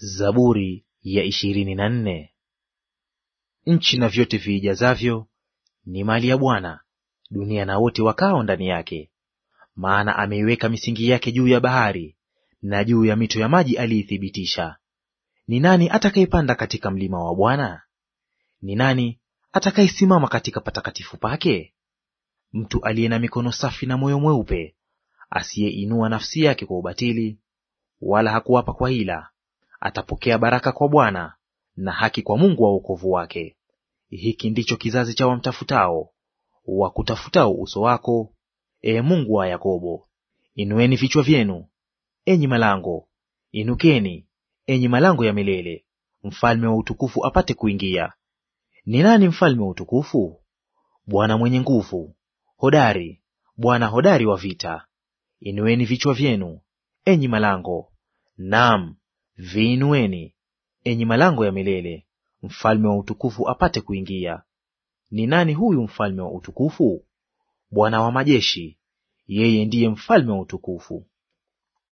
Zaburi ya ishirini na nne. Nchi na vyote viijazavyo ni mali ya Bwana, dunia na wote wakao ndani yake. Maana ameiweka misingi yake juu ya bahari, na juu ya mito ya maji aliithibitisha. Ni nani atakayepanda katika mlima wa Bwana? Ni nani atakayesimama katika patakatifu pake? Mtu aliye na mikono safi na moyo mweupe, asiyeinua nafsi yake kwa ubatili, wala hakuwapa kwa hila, atapokea baraka kwa Bwana na haki kwa Mungu wa wokovu wake. Hiki ndicho kizazi cha wamtafutao, wakutafutao uso wako, e Mungu wa Yakobo. Inueni vichwa vyenu, enyi malango, inukeni, enyi malango ya milele, mfalme wa utukufu apate kuingia. Ni nani mfalme wa utukufu? Bwana mwenye nguvu, hodari, Bwana hodari wa vita. Inueni vichwa vyenu, enyi malango; naam, Viinueni, enyi malango ya milele, mfalme wa utukufu apate kuingia. Ni nani huyu mfalme wa utukufu? Bwana wa majeshi; yeye ndiye mfalme wa utukufu.